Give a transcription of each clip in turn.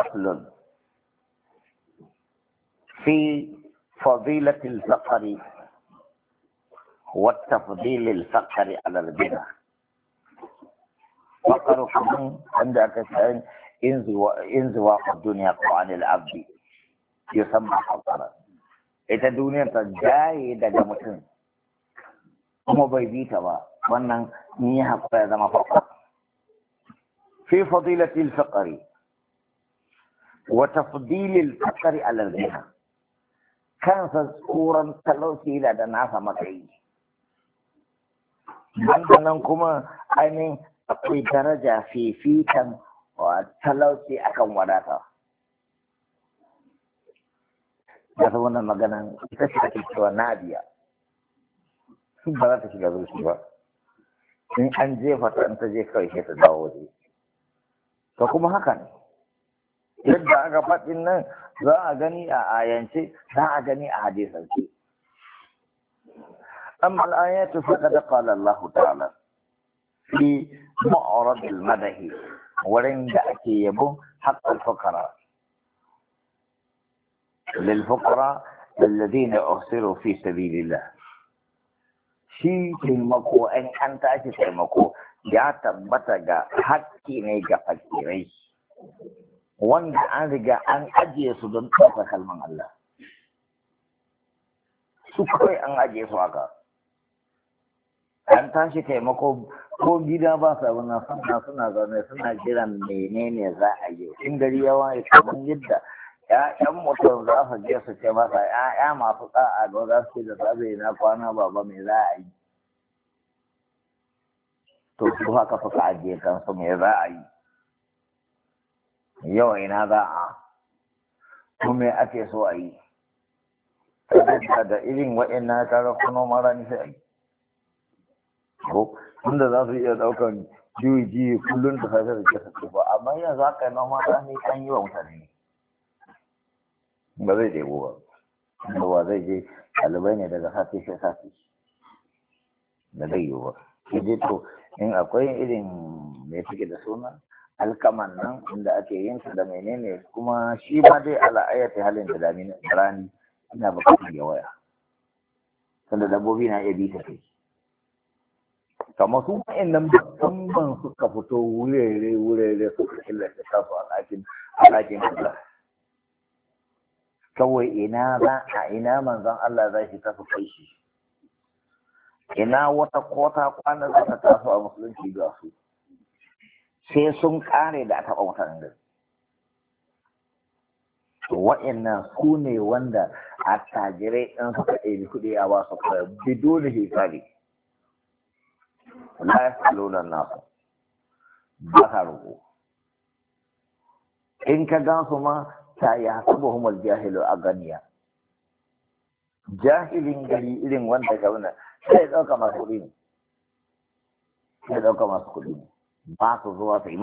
أصل في فضيلة الفقر والتفضيل الفقر على البناء فقر حمام عند كسائن انزوا انزوا الدنيا عن العبد يسمى فقرا إذا الدنيا تجاي إذا جمتن أما بيدي توا وأن نيها فقر في فضيلة الفقري وتفضيل الفقر على الغنى كان تذكورا تلوثي الى دناسة مكي عندنا كما أني أقوي درجة في فيتم وتلوثي أكم وراتا يقولون ما قلنا تشكي سوى نادية بلاتك لذلك سوى إن أنجي فتنتجي كويشة الدعوذي فكما هكذا yadda aka faɗin nan za a gani a ayance za a gani a hadisance amma al'ayatu faqad qala Allah ta'ala fi ma'rad al-madahi wurin da ake yabo haqqal fuqara lil fuqara alladhina uhsiru fi sabilillah shi taimako an an tashi taimako ya tabbata ga hakki ne ga fakirai wanda an riga an ajiye su don ɗauka kalman Allah su kawai an ajiye su haka an tashi taimako ko gida ba sa wani suna suna zaune suna jiran menene za a yi in gari yawa ya kamar yadda ‘ya'yan mutum za su je su ce masa ‘ya'ya masu ɗa'a ga za su ce da sabai na kwana baba me za a yi to su haka suka ajiye kansu mai za a yi yau ina za a kuma ake so a yi da irin na kara kuno mara ni a yi ko inda za su iya daukan juyi juyi kullum da safe da ke sassu ba amma ka yi noma ne kan yi wa mutane ba zai ɗebo ba ba zai je ɗalibai ne daga safe sai safe da zai yi ba sai to in akwai irin mai suke da suna alkaman nan inda ake yin da menene kuma shi ma dai ala'ayata halin da damin rani ina bukatar ya waya sanda dabbobi na iya bisa kai kamar su wa'annan musamman suka fito wurere wurere suka killace kansu a ɗakin a ɗakin Allah kawai ina za a ina manzon Allah za shi tafi kai shi ina wata kota kwana za ta a musulunci ga su sai sun kare da aka taɓa nan gari su wa'annan su ne wanda attajirai ɗin suka ɗari kuɗi a ba su kawai bido da hisabi la ya fi da nasu ba ta roƙo in ka gan su ma ta yi hasu buhumar jahilu a ganiya jahilin gari irin wanda ga wannan sai ɗauka masu kuɗi ne sai ɗauka masu kuɗi ne ba su zuwa su yi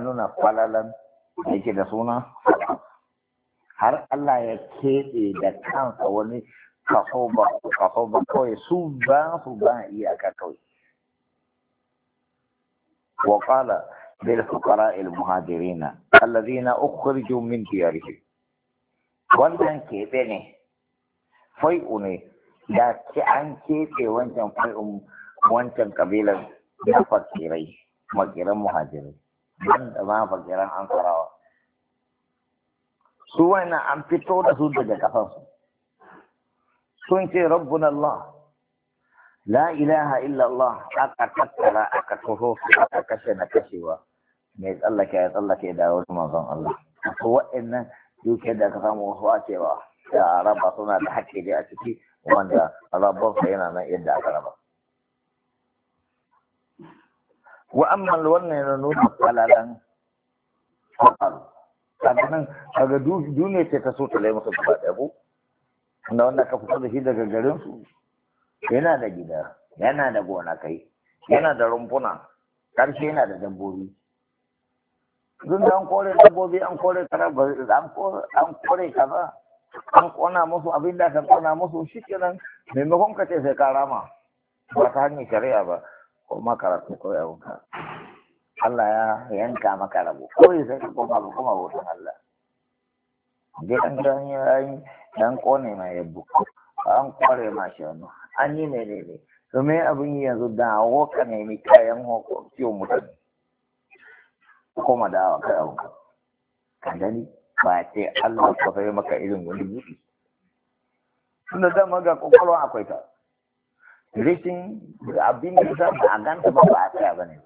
nuna falalan da yake da suna har Allah ya keɓe da kansa wani kaso ba ba su ba su ba iyaka kawai وقال للفقراء المهاجرين الذين أخرجوا من ديارهم keɓe ne fai'u ne da ce an kefe wancan fai'un wancan kabilar na fakirai makiran muhajirai ban da ma fakiran an farawa su wannan an fito da su daga kafansu sun ce rabbun Allah la ilaha illallah aka tattara aka toho aka kashe na kashewa mai tsallake ya tsallake da wasu manzon Allah su wa'annan duke da aka samu wasu a cewa da raba suna da da a ciki wanda rabonsa yana nan yadda aka raba wa amman wannan yana nuna falalan fa'al kaga nan duniya ce ta so ta lai masu gaba ɗabu, ko wanda wanda ka fito da shi daga garin su yana da gida yana da gonakai yana da rumfuna ƙarshe yana da dabbobi dun da an kore dabbobi an kore kaza an kore kaza an kona musu abin da aka kona musu shi kenan maimakon ka ce sai ka rama ba ta hanyar shari'a ba ko makaratu ko yawonka Allah ya yanka maka rabu kawai sai ka koma ba kuma hoton Allah dai an gani yayi dan kone mai yabbu an kware ma shi wannan an yi ne ne to me abin yanzu da woka ne mai kayan hokon kiwon mutane koma da ka abun ka gani ba ce Allah ko sai maka irin wani buɗi tunda zama ga ƙwaƙwalwa akwai ta rishin abin da za ba a ganta ba ba a tsaya ba ne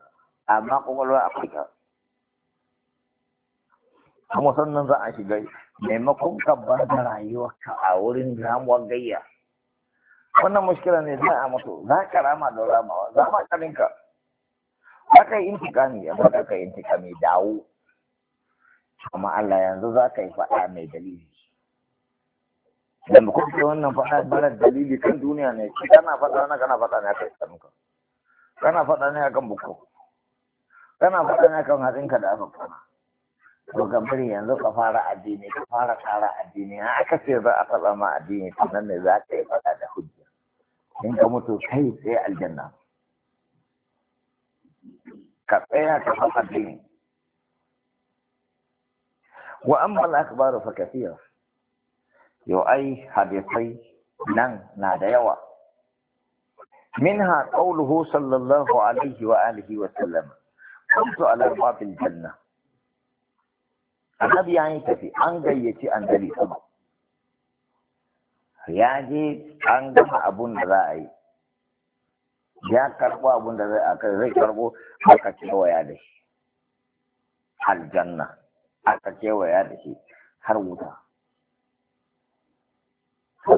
amma ƙwaƙwalwa akwai ta kuma sannan za a shiga maimakon ka ba da rayuwarka a wurin ramuwar gayya wannan mushkila ne za a mutu za ka rama da ramawa za ma karinka za ka yi intikami ya ba ka yi intikami dawo amma Allah yanzu za ka yi faɗa mai dalili dan kuma ce wannan faɗa bara dalili kan duniya ne ki kana faɗa na kana faɗa ne akan tsanuka kana faɗa ne akan bukko kana faɗa ne akan hatsin ka da aka kuma. to ka bari yanzu ka fara addini ka fara tsara addini a aka ce za a faɗa ma addini nan ne za ka yi faɗa da hujja in ka mutu kai sai aljanna ka tsaya ka faɗa addini wa amman akhbaru fa kathira yo ai hadithai nan na da yawa minha qawluhu sallallahu alaihi wa alihi wa sallam kuntu ala babil janna annabi yayi tafi an gayyaci annabi sama ya je an gama abun da za a yi ya karbo abun da zai karbo aka ci wa ya da shi aljanna aka kewaya da shi har wuta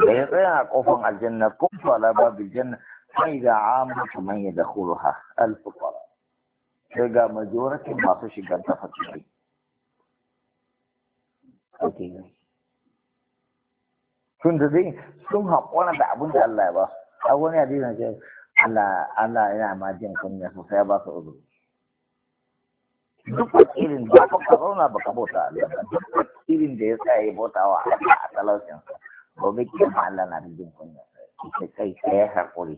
da ya tsaya a kofan aljanna kun fala babu janna sai da amatu man ya da kuruha alfukara sai ga majoratin masu shigar tafa ciki tun da dai sun haƙona da abin da Allah ya ba su a wani hadisin ce Allah Allah yana ma jin kunya sosai ya ba su uzuri duk irin ba ka zauna ba ka bota Allah ba duk irin da ya tsaya bauta wa a talaucin sa gobe ke ma Allah na jin kunya sai kai kai hakuri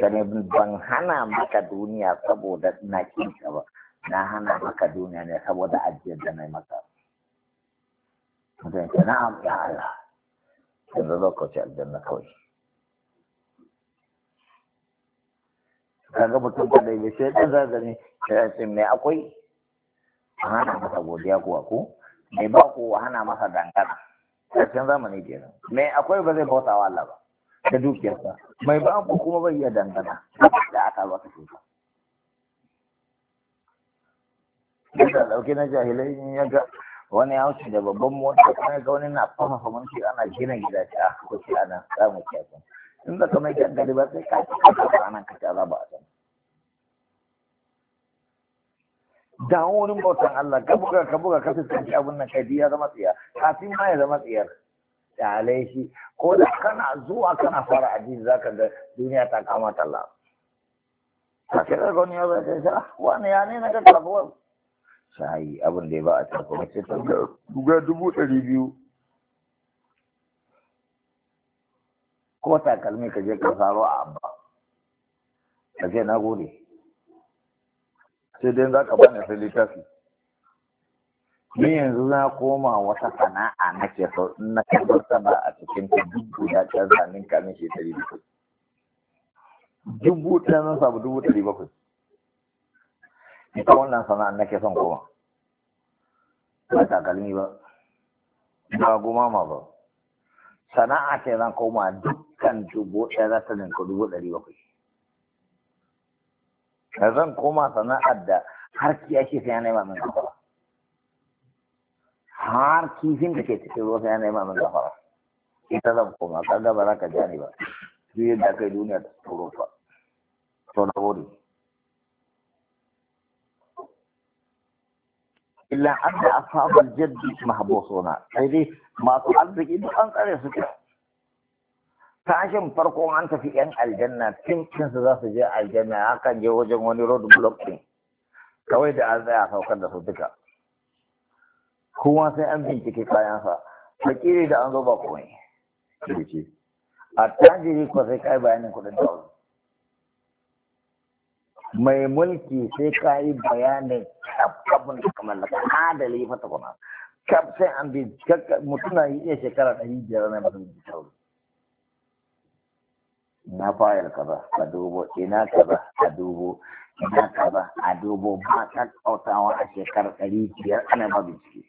dan ban hana maka duniya saboda ina kin ka ba na hana maka duniya ne saboda ajiyar da na yi maka mutum ke na'am ya Allah yanzu zo ka wuce aljanna kawai kaga mutum ka dai sai dan zazzani gani sai me akwai a hana masa godiya kuwa ko me ba ku hana masa dangana karshen zamani kenan me akwai ba zai bauta wa Allah ba da dukiyarsa mai ba ku kuma bai iya dangana da aka ba ka shuka da dauke na jahilai in ya ga wani ya wuce da babban mota kuma ga wani na fama mun shi ana gina gida ta a kuci ana samun kyakun in da kamar gari ba sai ka ci a nan ka ci azaba a dawo wurin bautan Allah ka buga ka buga ka fuskanci abin nan kai ya zama tsiya kafin ma ya zama tsiyar dalai shi ko da kana zuwa kana fara addini zaka ga duniya ta kama talla ta ce ga wani ba zai sa wani ya ne na ga kabuwa sai abin da ya ba a ta ko sai ta duga dubu ɗari biyu ko takalmi ka je ka faru a abba ka ce na gode sai dai za ka bani sai littafi ni yanzu na koma wata sana'a nake so in na kabar sana a cikin ta dubu da ta zanen kamin shekaru biyu dubu ta zan sabu dubu ɗari bakwai ita wannan sana'a nake son koma ba takalmi ba ba ma ba sana'a ce zan koma dukkan dubu ɗaya za ta ninka dubu ɗari bakwai Ka zan koma sana'ar da har kiyashi sai ya nema min gafara har kifin da ke cikin ruwa sai ya nema min gafara ita zan koma kaga ba za ka ja ni ba yi da kai duniya da tsoro fa to na gode illa an da ashabul jaddi mahbusuna sai dai masu arziki duk an tsare su tashin farko an tafi yan aljanna tinkin su za su je aljanna akan je wajen wani road block din kawai da an tsaya saukar da su duka Kuma sai an bincike kayansa fakiri da an zo ba komai kirki a tajiri ko sai kai bayanin kudin da mai mulki sai ka yi bayanin abin da kamar da adali fata kuma kaf sai an bi mutum na iya shekara ɗari biyar na mutum da ina fayar kaza a dubo ina kaza a dubo ina kaza a dubo ba ta kautawa a shekarar ɗari biyar ana ba bincike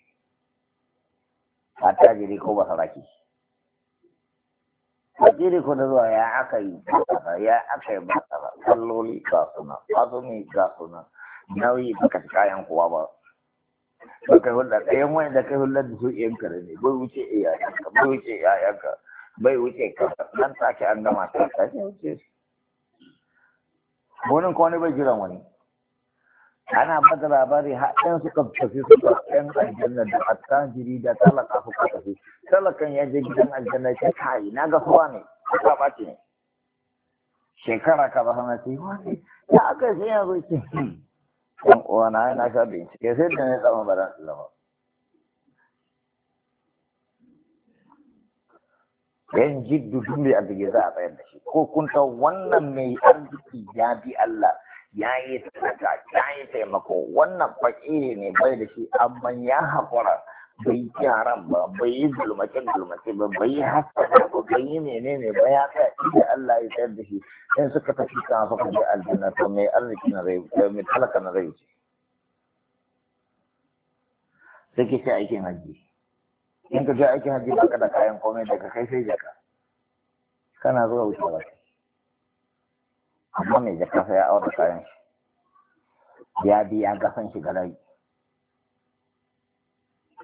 ba ta jiri ko ba saraki ba jiri ko da zuwa ya aka yi ba kaza ya aka yi ba kaza kalloli ga suna azumi ga suna nauyi ba ka kayan kuwa ba ba kai hulɗa ɗayan wani da kai hulɗa da su kare ne bai wuce iyayenka bai wuce iyayenka bai wuce kafa, nan take an gama ta take wuce wani ko wani bai jira wani ana bada labari haɗin suka tafi suka ɗan aljanna da jiri da talaka suka tafi talakan ya je gidan aljanna ya kai na ga kowa ne ka ɓace ne shekara ka ba sana ce wani ya aka sai yanzu ce hmm, ɗan uwa na sha bincike sai da ne tsawon ba za su zama yan jiddu duk mai arziki za a bayar da shi ko kun ta wannan mai arziki ya bi Allah ya yi sadaka ya yi taimako wannan fakiri ne bai da shi amma ya haƙura bai yi haram ba bai yi gulmace gulmace ba bai yi haskaka, ko bai yi menene ba ya tsaya inda Allah ya tsayar da shi in suka tafi kan suka je aljanna to mai arziki na zai eh, mai talaka na zai ce sai ke aikin hajji in ka je aikin hajji ba ka da kayan komai daga kai sai jaka kana zuwa wuce ba amma mai jaka sai ya auri kayan shi ya bi ya gasan shi rai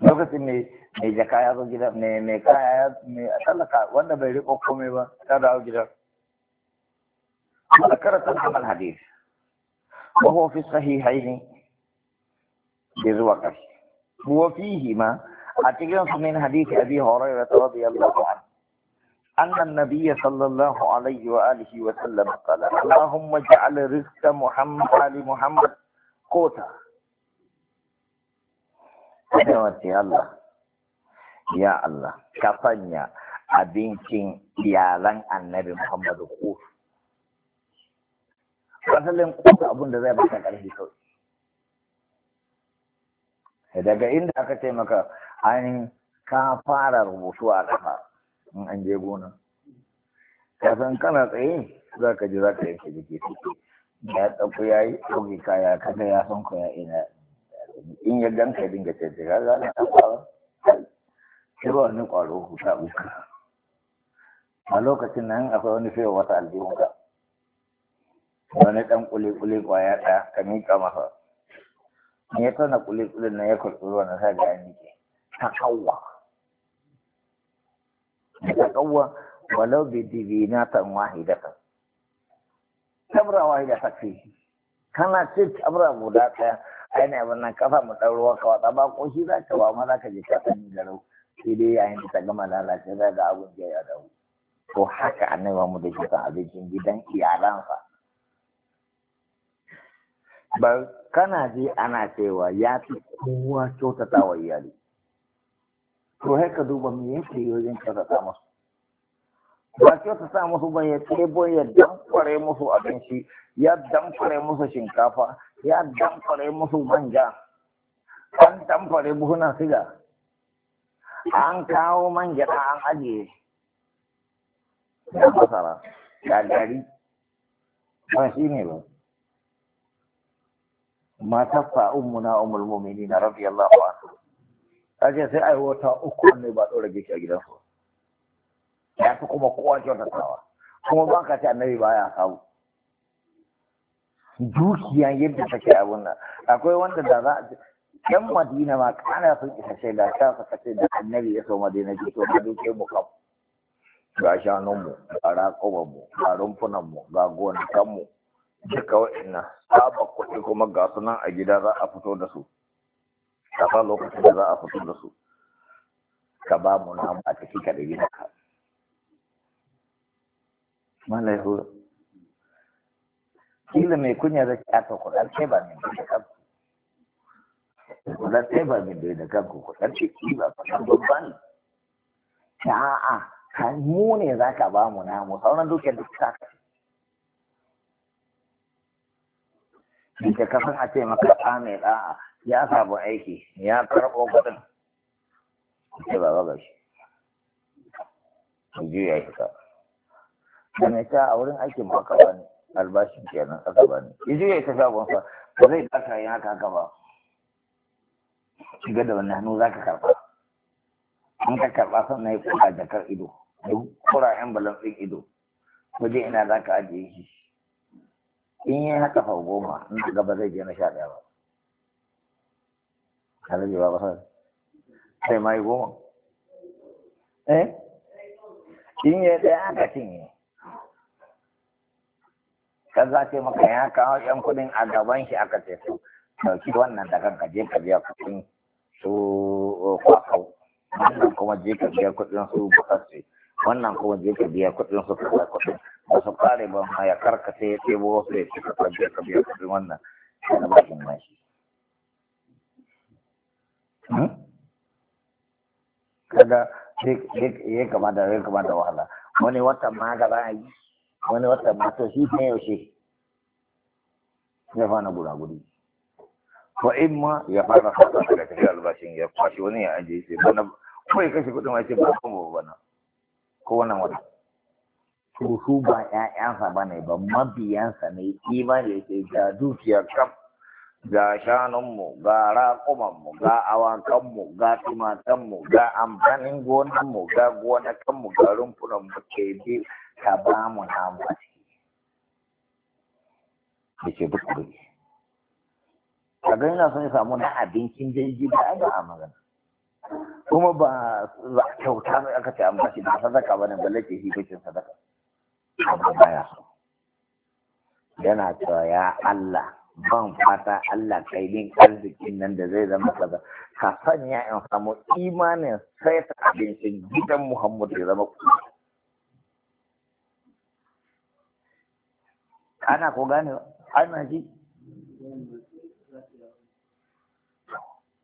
lokacin ne mai jaka ya zo gida mai mai kaya ya mai talaka wanda bai riko komai ba ta dawo gida fi sahihaini bi zuwa kashi. الصحيحين fihi ma. a cikin su min hadisi abi hurairah radiyallahu anhu أن النبي صلى الله عليه وآله وسلم قال اللهم اجعل رزق محمد آل محمد قوتا يا الله يا الله كفنيا abincin iyalan annabi Muhammadu ko asalin kuka abin da zai baka ƙarfi kawai daga inda aka ce maka ainihin ka fara rubutu a ƙafa in an je gona Kasan kana tsaye za ka ji za ka yanke jiki ya ɗauko ya yi ɗauki kaya kaga ya san ko ya ina in ya gan ka dinga cece ka ga na ɗaukawa sai ba wani ƙwaro ku ta uka a lokacin nan akwai wani fiye wata aljihunka wani ɗan ƙuli-ƙuli ƙuli ƙwaya ɗaya ka miƙa masa Ni ya tana ƙuli-ƙulin nan ya kurkuri wannan sa ga ya miƙe تقوى تقوى ولو بدينات واحدة تبرى ta تكفيه kana cin tabra guda ta ainihin yi wannan kafa mu ɗan ruwa ka wata ba ko shi za ka ba ma za ka je ka sani rau sai dai yayin da ta gama lalace za ga abin da ya dawo to haka wa mu da shi abincin gidan iyalansa ba kana ji ana cewa ya fi kowa kyautata wa iyali to haika duba me yake yi wajen kyautata musu ba kyautata musu ba ya ɗebo ya damkware musu abinci ya damkware musu shinkafa ya damkware musu manja an damkware buhunan siga an kawo man gyaɗa an ajiye da masara da gari ba shi ne ba ma tafa ummuna ummul mu'minin radiyallahu anha kaje sai ai wata uku ne ba ɗora gishi a gidan su? ya fi kuma kowa kyautatawa kuma ba ka ce annabi ba ya samu dukiya yadda take abun nan akwai wanda da za a yan madina ma kana sun isa shaida ka fa ce da annabi ya so madina ji to ka duke mu kam ga shanunmu ga mu ga rumfunanmu ga gonakanmu duka wa'annan saba kuɗi kuma ga sunan a gida za a fito da su ka lokacin da za a fito da su ka ba mu namu a ciki ka ɗari da ka malai hura kila mai kunya da ke aka kuɗar sai ba mai da kanku kuɗar sai ba mai da kanku kuɗar ce kila kuɗar babban a'a ka mu ne za ka ba mu namu sauran dukiyar duk ta ka ce. ka san a ce maka ɗa mai ɗa'a ya samu aiki ya karɓo kudin sai ba ga shi juya shi ka sannan ta a wurin aikin ba ka bani albashin kenan aka bani ya juya ta shagon sa ba zai ba ka yi haka haka ba shiga da wani hannu za ka karɓa in ka karɓa sannan ya kura jakar ido da kura yan balan ɗin ido waje ina za ka ajiye shi in yi haka fa goma in ka gaba zai je na sha ɗaya ba Kalabi ba ba sai ma yi goma. Eh? In ya ɗaya aka cinye. Kan za ce maka ya kawo ‘yan kuɗi a gaban shi aka ce su ɗauki wannan da kanka je ka biya kuɗin su kwakau. Wannan kuma je ka biya kuɗin su bukatsu. Wannan kuma je ka biya kuɗin su kaza kuɗin. Ba su ƙare ba ma ya karkace ya ɗebo wasu ya ce ka biya wannan. Ka ba shi mashi. kada ya kama da ya kama da wahala wani wata ma gaba a yi wani wata ma to shi ne yaushe ya fana guda guri ko in ma ya fara fata daga kashe albashin ya kwashi wani ya ajiye sai bana ko ya kashe kudin wace ba kuma bana ko wannan wata to su ba ƴaƴansa bane ba mabiyansa ne imani yake ga dukiya kam ga shanunmu ga raƙumanmu ga awakanmu ga tumatanmu ga amfanin gonanmu ga gonakanmu ga rumfunanmu ke bi ka ba mu namu da ke duk kuri a ganin na sun samu na abincin jirgi da aga a magana kuma ba kyauta mai aka ce an bashi ba sadaka ba ne balle ke hibicin sadaka amma baya so yana cewa ya Allah ban fata Allah kai min arzikin nan da zai zama kaza ka sanya in samu imanin sai ta abincin gidan Muhammad ya zama ku ana ko gane ana ji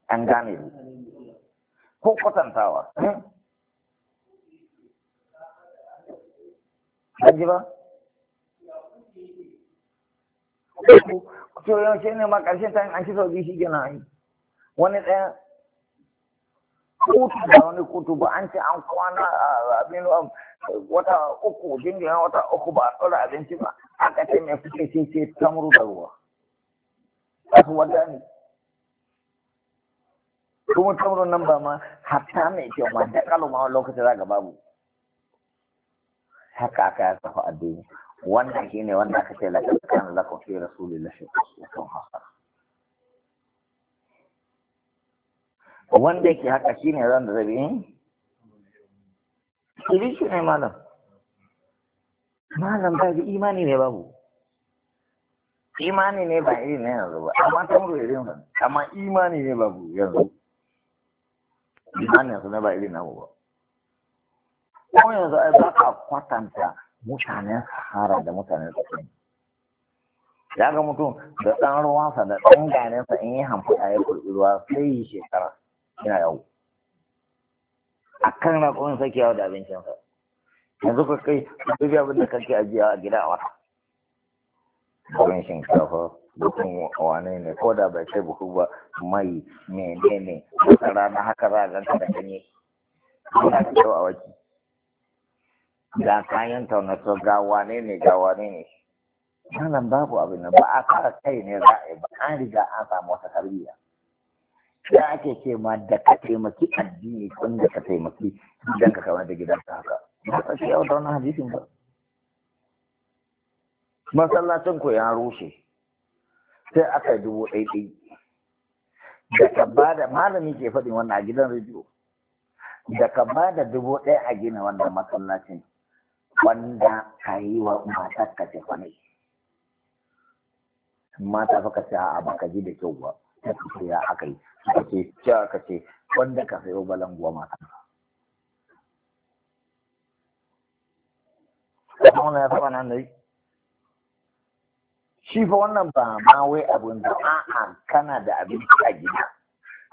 an gane ko kwatantawa hmm? an ji ba to yaushe ne ma ƙarshen ta an ci sau biyu shi gina yi wani ɗaya kotu da wani kotu ba an ce an kwana a abin wata uku jingirin wata uku ba a tsara abinci ba aka ce mai kuke ce ce tamuru da ruwa kasu wata ne kuma tamurun nan ba ma hatta mai kyau ma da kalu ma wani lokacin za ga babu haka aka ya safa addini wannan ne wanda aka ce la kan lakum fi rasulillahi uswatun hasana wanda yake haka shine wanda zai yi Iri eh? shi ne malam. Malam ba da imani ne babu. Imani ne ba iri ne yanzu ba, amma muru irin ba amma imani ne babu yanzu. Imani yanzu ne ba iri na ba. Ko yanzu ai ba ka kwatanta mutanen sahara da mutanen tsakin ya ga mutum da ɗan ruwansa da ɗan ganinsa in yi hamfada ya kurɓi ruwa sai yi shekara yana yawo a kan na ƙunin sake yawo da abincinsa yanzu ka kai duk abin da kake ajiya a gida a wata buhun shinkafa mutum wane ne ko da bai kai buhu ba mai menene wata rana haka za a ganka da ganye yana da kyau a waki ga kayan taunato ga wane ne ga wane ne malam babu abin nan ba a fara kai ne za a yi ba an riga an samu wata tarbiyya da ake ce ma da ka taimaki addini kun da ka taimaki gidan ka kamar da gidan ka haka ba ta shi yau da wannan hadisin ba masallacin ku ya rushe sai aka dubu ɗaiɗai da ka ba da malami ke faɗin wannan a gidan rediyo da ka ba da dubu ɗaya a gina wannan masallacin wanda ka yi wa matar ka ce kwanai mata fa ka ce a baka ji da kyau ba ta ce ya aka yi suka ce ce aka ce wanda ka sayo balanguwa mata kuma wannan ya saba nan dai? shi fa wannan ba ma wai abin da a'a kana da abinci a gida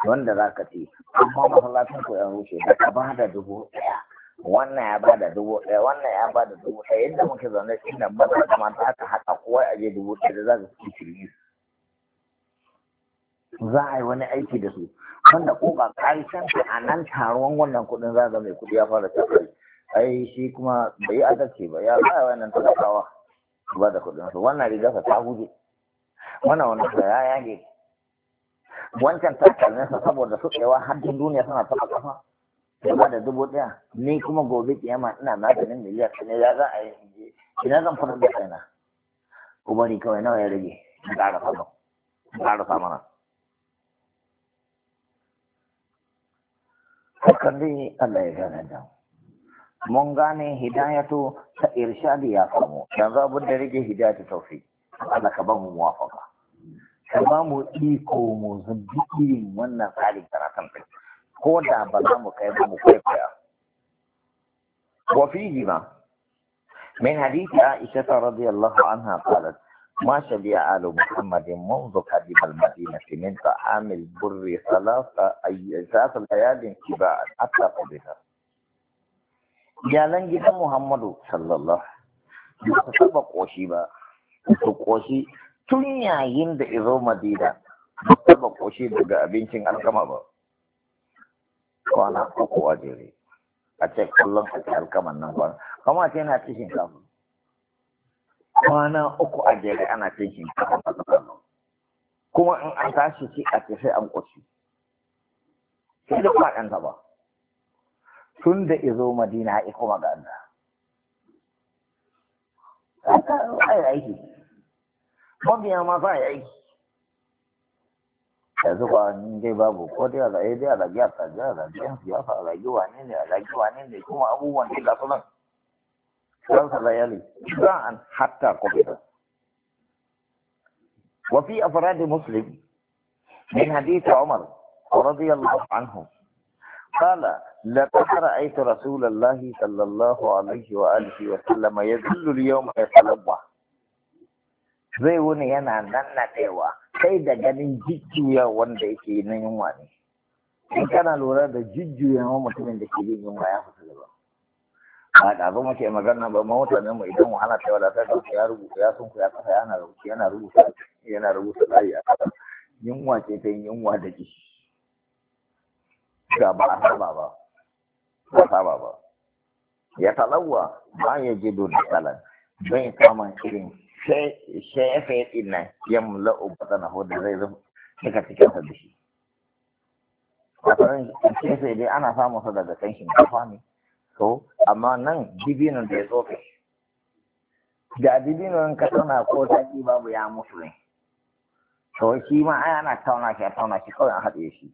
wanda za ka ce amma masallacin ko ya rushe da ka ba da dubu ɗaya wannan ya ba da dubu ɗaya wannan ya ba da dubu ɗaya yadda muke zaune maza da mata kamata aka haɗa kowa a je dubu ɗaya da za su ci shirye za a yi wani aiki da su wanda ko ba ƙarshen a nan taruwan wannan kuɗin za ga mai kuɗi ya fara tafi ai shi kuma bai adalci ba ya ba wannan talakawa ba da kuɗin su wannan sa ta huje wannan wannan sa ya yage wancan takalminsa saboda su tsewa har duniya suna ta kafa ya ba da dubu ɗaya ni kuma gobe kiyama ina maganin miliyar. ne ya za a yi ina zan fara da kaina ubari kawai nawa ya rage in ƙara fama in ƙara fama na hakan dai Allah ya gane da mun gane hidayatu ta irshadi ya samu yanzu abin da rage hidayatu taufi Allah ka ba mu muwafaka ka ba mu iko mu zabi irin wannan tsarin karatun kai هو انت عم بضمه كانه مكافئه وفيهما من حديث عائشة رضي الله عنها قالت ما شبع آل محمد منذ قدم المدينة من طعام البر ثلاثة أي ثلاثة ليال اتباعا حتى قبلها يا لنجد محمد صلى الله يتسبق وشيبا يتسبق وشي تنيا يند إذو مدينة يتسبق وشيبا بإنشان أركما بأ kwana uku a jere a ce kullum ka ci alkaman nan kwana kama ce yana cin shinkafa kwana uku a jere ana cin shinkafa a tsakanin kuma in an tashi shi a ce sai an kwashi sai da kuma ɗanta ba tun da izo madina ya kuma ga ya yi aiki mabiya ma ba ya aiki yanzu kwa dai babu ko dai a zage dai a zage a zage a zage yan siyasa a zage wane ne a zage wane ne kuma abubuwan dai gasu nan san sa layali zan an hatta kofita wa fi afrad muslim min hadith umar radiyallahu anhu قال لقد Sallallahu alaihi الله صلى الله عليه وآله وسلم يذل اليوم يتلوى زي وني أنا ننتهي kai da ganin jijjuya wanda yake na yunwa ne in kana lura da jijjuyawa mutumin da ke yin yunwa ya fita daban ba da zo muke magana ba mutane mu idan wahala ta wadata ta ya rubuta ya sun ya kasa yana rubuta yana rubuta yana rubuta layi a kasa yunwa ce ta yunwa da ki ga ba a saba ba ba saba ba ya talawa ba ya ji da talan don ya kama irin shefe din nan ya mula ubata na hudu zai zo daga cikin sa da shi a farin shefe dai ana samun sa daga kan shinkafa ne to amma nan dibino da ya tsofe da in ka tauna ko ki babu ya musu ne to shi ma ai ana tauna shi a tauna shi kawai an haɗe shi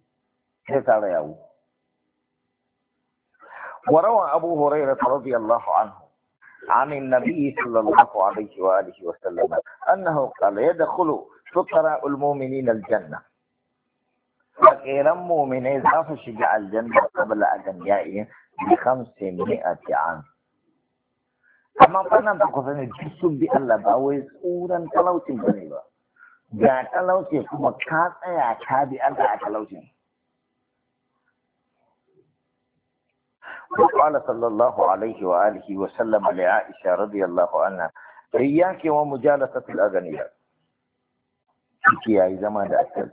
sai ta yawo وروى أبو هريرة رضي الله عنه عن النبي صلى الله عليه وآله وسلم أنه قال يدخل فقراء المؤمنين الجنة فقيرا مؤمن إذا شجع الجنة قبل أدنيائه بخمسمائة عام أما فأنا أقول أن جسو بألا باويز أورا تلوتي بنيبا جاء تلوتي فمكات أيا كابي أنت أتلوتي وقال صلى الله عليه وآله وسلم لعائشة رضي الله عنها إياك ومجالسة الأغنياء كي أي زمان أستاذ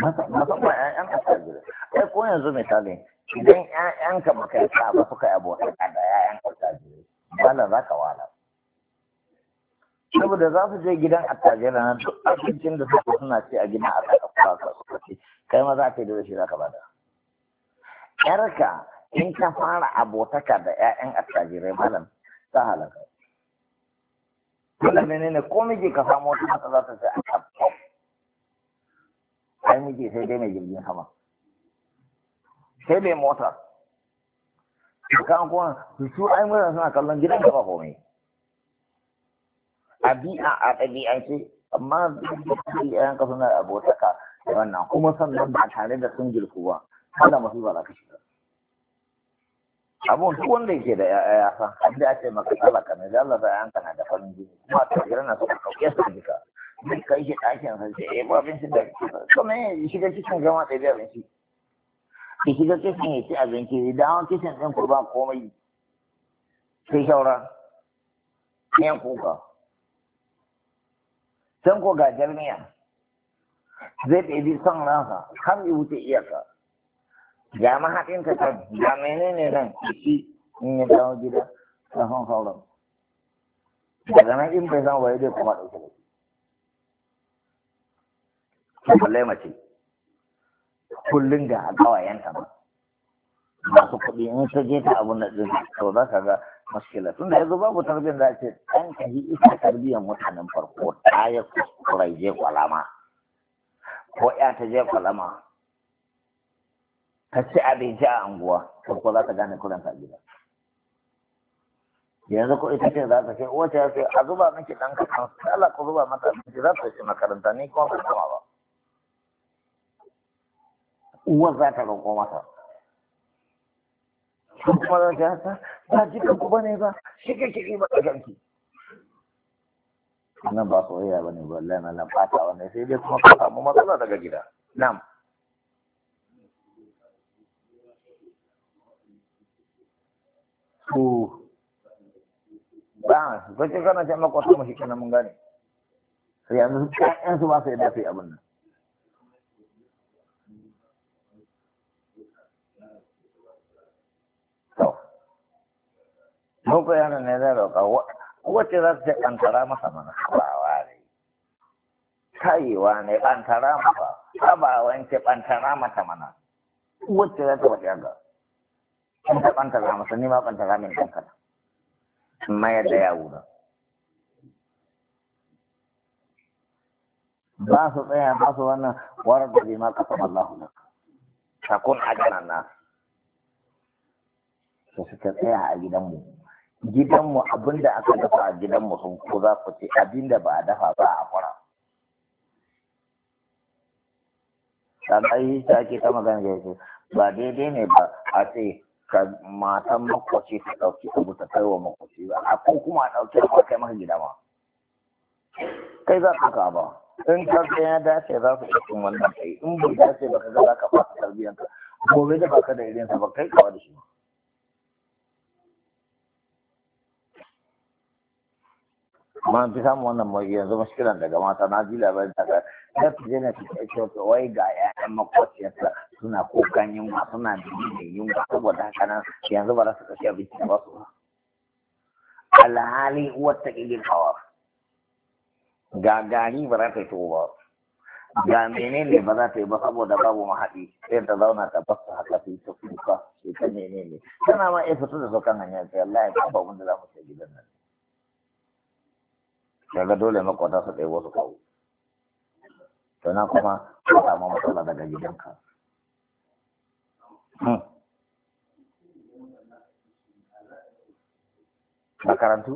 musamman ‘ya'yan asali ai ko yanzu misali idan ‘ya'yanka baka yi ba suka yi abota da ‘ya'yan asali wala za ka wala saboda za su je gidan attajira na duk abincin da suka suna ce a gidan a suka ce kai ma za ka yi da shi za ka bada yarka in ka fara abotaka da ƴaƴan attajirai malam ta halaka dole menene ko miji ka samu wata mata za ta sai a kafin ai miji sai dai mai jirgin sama sai mai mota kan kuma su ai mutane suna kallon gidan gaba komai a bi'a a ɗabi'ance amma duk da su yi ƴaƴan ka suna abotaka wannan kuma sannan ba tare da sun girku ba masu musiba za ka shiga abun duk wanda yake da ya'ya ya san abin ake maka talaka ne zalla da yanka na da farin jini kuma a tafiya na suka kauke su jika duk kai shi ɗakin sa ce eh ba abinci da kuma ya shiga cikin gama ɗaya abinci ki shiga kishin ya ci abinci da hawan kishin ɗin kurba ba komai sai shaura yan kuka can ko ga jarmiya zai ɗebi son ransa har ya wuce iyaka ga mahaɗin ka kan ga menene nan shi in ya dawo gida ta son sauran daga nan in bai san waye zai kuma ɗauke da shi balle ce. kullum ga alƙawayenta ba masu kuɗi in ta je ta abun da ɗin to za ka ga maskila tun da yanzu babu tarbiyyar da ce ɗan ka yi isa tarbiyyar mutanen farko ta ya kuskura je kwalama ko ya ta je kwalama ka ci abinci a anguwa ko za ka gane kuranta a gida yanzu ko ita ce za ta ce wace ya ce a zuba miki ɗan kaɗan sala ku zuba mata abinci za ta ce makaranta ni kuma ka kama ba uwar za ta roƙo mata ko kuma za ta ta ba jikin ku bane ba kake yi ba ɗaganki nan ba soyayya ba ne ba lana na fata wannan sai dai kuma ka samu matsala daga gida na'am to ba su kwace kana ce makwasa mashi kenan mun gane sai yanzu ƴaƴan su ba su yadda sai abin nan to ko yaron ne zai roƙa wacce za su ce ƙantara masa mana haɓawa ne kayewa ne ɓantara masa haɓa wanke ɓantara mata mana wacce za ta faɗi haka kan ka ɓanta za masa nima ɓanta za min kanka mayar da yawo na ba su tsaya ba su wannan warar da zai ma ƙasar Allahu lak takun ajana na su suka tsaya a gidanmu gidanmu abinda aka dafa a gidanmu sun ko za ku ce abinda ba a dafa ba a kwara sannan yi ta ke ta magana da ba daidai ne ba a ce ka matan makwace ta ɗauki abu ta kai wa makwace ba a ko kuma a ɗauki a kai maka gida ma kai za ka ka ba in ka ga ya dace za su cikin wannan kai in bai dace ba ka ga za ka fasa tarbiyyar ka gobe da baka da irinsa ba kai kawai da shi ma fi samun wannan mai yanzu mashkilan daga mata na ji labarin ta daga za su je na fita ta wai ga ƴaƴan makwaciyarsa suna kokan yunwa suna biyu da yunwa saboda haka nan yanzu ba za su kashe abinci ba su ba alhali uwar ta ƙi hawa. ga gani ba za ta yi tuwo ba ga menene ba za ta yi ba saboda babu mahaɗi sai ta zauna ta basta haka su ta kuka sai ta menene tana ma iya fito da su kan hanyar sai Allah ya kafa abin da za mu sai gidan nan kaga dole makwata su ɗaya wasu kawo sannan kuma ka samu matsala daga gidanka hmm. makarantu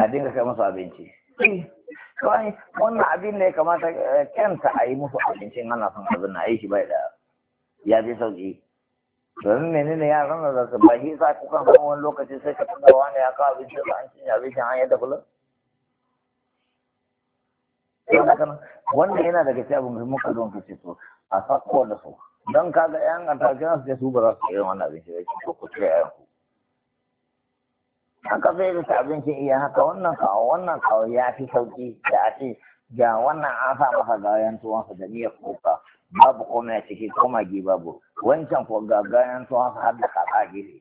a dinga kai masu abinci kawai eh. wannan abin ne kamata eh, kenta a yi musu abincin ana son abin na aiki bai da ya fi sauki domin ne yaran da za su ba shi sa kukan wani lokaci sai ka tunawa ne ya kawo abinci ba? an cinye abincin an yadda kula wannan yana daga cikin abin muka zo ka ce to a sako da su don kaga yan atakin su ce su ba za su yi wannan abinci da ke ku cire ayan ku haka zai yi ta abinci iya haka wannan kawo wannan kawo ya fi sauki da a ce ga wannan an sa masa gayan su da niyyar kuka babu komai a ciki ko magi babu wancan ko ga gayan su har da kaka a gefe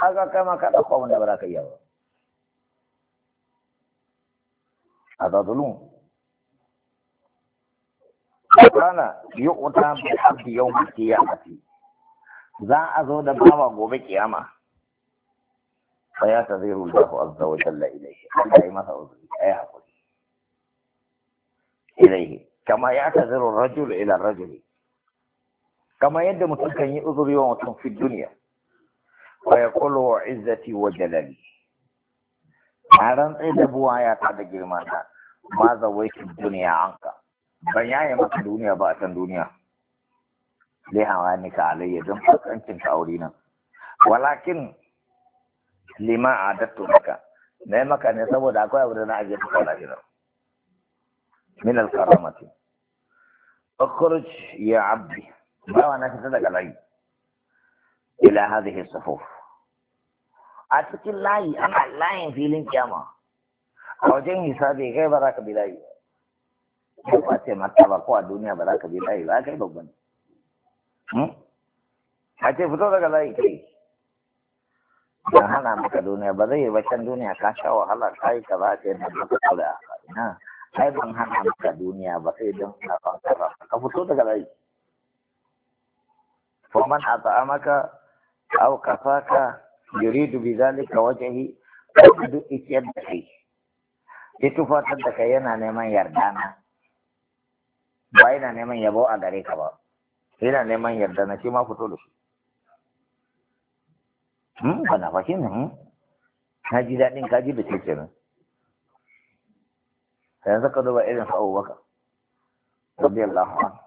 kaga kai ma ka ɗauko abin da ba za ka iya ba هذا ظلوم كان يؤتى بالحق يوم القيامة ذا أزود بابا قوبي ياما فيعتذر الله عز وجل إليه أي ما سأقول إليه كما يعتذر الرجل إلى الرجل كما يندم تلك أن يؤذر يوم في الدنيا ويقول عزتي وجلالي a rantsai da ya ta da girma ta ba za wai shi duniya an ka ban yaye maka duniya ba a can duniya zai hawa ni ka alayya don fuskancin ka aure nan walakin lima a dattu maka na yi maka ne saboda akwai abu da na ajiye ta kwana gidan min alkaramati ukhruj ya abdi bawa na fita daga layi ila hadhihi safuf a cikin layi ana layin filin kiyama a wajen hisabi kai ba za ka bi layi ba ko ba ce ba ko a duniya ba za ka bi layi ba kai babban hmm? a ce fito daga layi kai don hana maka duniya ba zai yi ba can duniya ka sha wahala ka yi ka za ka yi na maka kawai a ina ai ban hana maka duniya ba sai don ina son ka ba ka fito daga layi man a ta'amaka au kafaka yuridu bi zalika wajhi duk ikiyar da kai ya tufatar da kai yana neman yarda na ba yana neman yabo a gare ka ba yana neman yarda na shi ma fito da shi hmm ba hmm. na fashin hmm ka ji daɗin ka da ce kenan yanzu ka duba irin sa'o baka rabbi Allah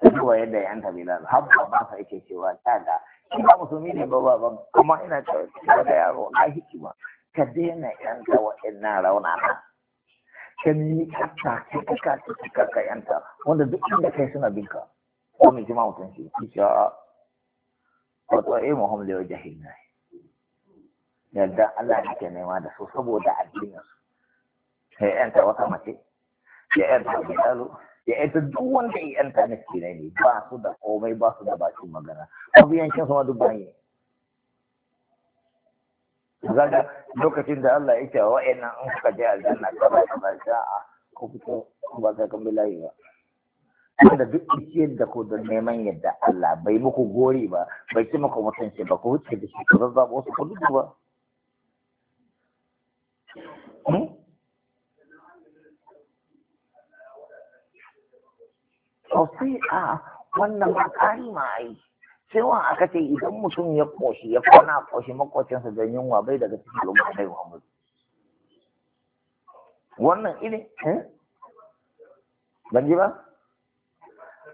kuma yadda yan kabila har ba ba sa yake cewa ta da shi ba musulmi ne ba ba kuma ina cewa da yaro a hikima ka daina yanta waɗannan raunana ka miƙa ta ka kaka ta kaka ka yanta wanda duk inda kai suna bin ka ko mai jima mutum shi shi cewa wato eh muhammadu ya wajen hina yadda Allah ya ke nema da su saboda addinin su ya yanta wata mace ya yanta bilalu ya ita duk wanda ya yanta na kira ne ba su da komai ba su da bakin magana abu yankin sama duk bayan zaga lokacin da Allah ya ce wa ina in kuka je aljanna ka ba ka a ku ba ta kan bilayi ba da duk ikiyar da ku da neman yadda Allah bai muku gori ba bai ci muku mutunci ba ku huce da shi ku zaba wasu ku ba sosai a wannan ba ƙari ma ai sai wa aka ce idan mutum ya koshi ya kwana koshi makocinsa don yunwa bai daga cikin lumbar kai wa mutu wannan irin eh? ban ji ba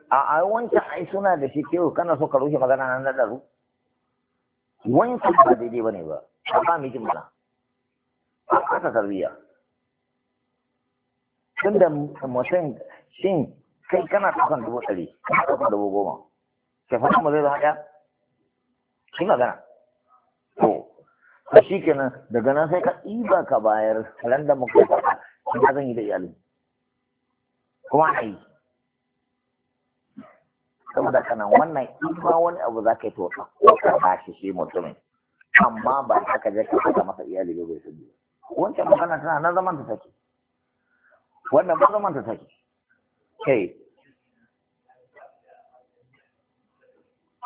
a a wancan ai suna da shi kewa kana so ka rushe magana nan da daru wancan ba daidai ba ne ba a ba mijin mana a kasa tarbiyya tunda mutum shin kai kana ɗaukan dubu ɗari kana ɗaukan dubu goma shafanan mu zai zama ɗaya shi magana to to shi kenan daga nan sai ka ɗiba ka bayar ran da muka faɗa shi zan yi da iyali kuma a yi saboda kana wannan in ma wani abu za ka yi to ka ba shi mutumin amma ba za ka je ka saka masa iyali ba bai sani wancan magana tana na zaman ta take wannan ba zaman ta take kai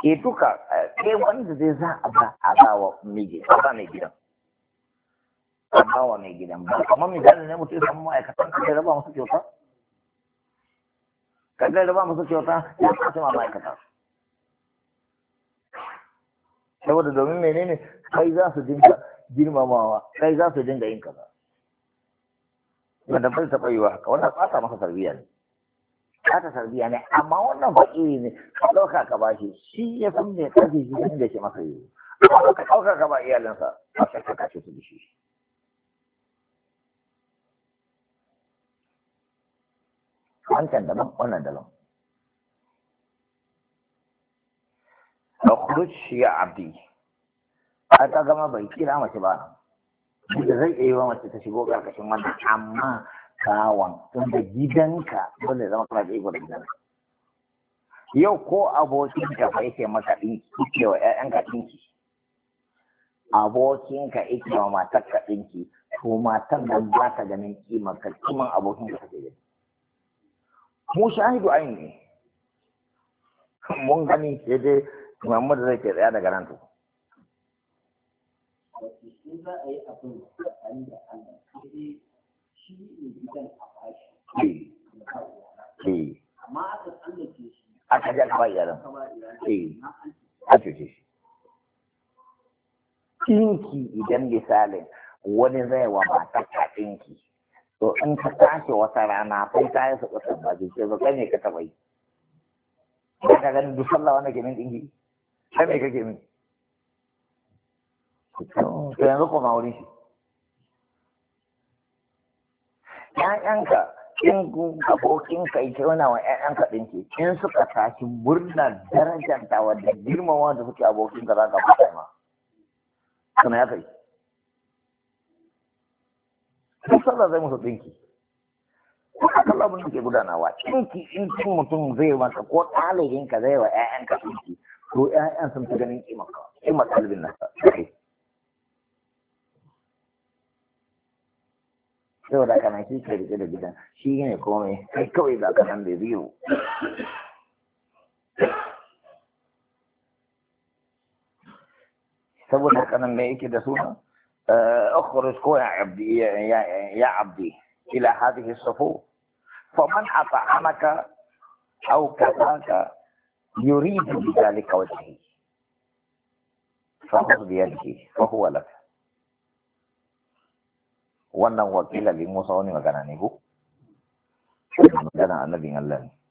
ke eh, duka ke eh, wanda zai za a ba a ba wa miji a ba mai gidan a ba wa mai gidan ba kamar misali ne mutum samu ma'aikatan ka raba musu kyauta kan ga raba musu kyauta ya kasu ma ma'aikata saboda domin menene kai za su dinga girmamawa kai za su dinga yin kaza wanda bai taɓa yi wa haka wannan ɓata masa tarbiyya ne Ka ta sarbiya ne amma wannan baki ne ka ɗauka ka ba shi shi ya san me kafi shi sun da shi masa yi amma ka ɗauka ka ba iyalinsa sa ka ka ce su shi wancan daban wannan daban akhruj ya abdi a ta gama bai kira mace ba da zai iya yi wa mace ta shigo karkashin wannan amma kawon tunda gidanka dole zama kana da da yau ko abokinka fa yake maka ɗinki wa abokinka yake wa matarka ɗinki Ko matan nan ba ta ganin kimar ka kiman abokinka take gani mu shahidu ayin ne mun gani sai dai Muhammad zai ke tsaya daga nan to a yi abin da Allah shi ne gidan a bashi hmm. Hmm. amma aka tsallake shi aka iyalan hmm. shi ɗinki idan misalin wani zai wa matar ka ɗinki to in ka tashi wata rana sai ta yi su ba ba ce ba kai ne ka taɓa yi ba ka gani duk sallah wanda ke min ɗinki kai me kake min to yanzu kuma wurin shi yayanka in abokinka ya kyauna wa ƴaƴanka ɗinki in suka tashi murna darajar da girmama da suke abokinka za ka fita ma kana ya kai duk sallah zai musu ɗinki kuma kallon abin da ke gudanawa ɗinki in cin mutum zai maka ko ɗalibinka zai wa ƴaƴanka ɗinki to ƴaƴan sun fi ganin ƙimaka ƙimar ɗalibin saboda haka nan shi ke rike da gidan shi ne komai kai kawai ba ka nan da biyu saboda haka nan me yake da suna اخرج كو يا عبدي يا, يا عبدي الى هذه الصفوف فمن اطعمك او كفاك يريد بذلك وجهه فخذ بيده فهو لك wannan wakila Musa wani magana ne ko magana annabin Allah ne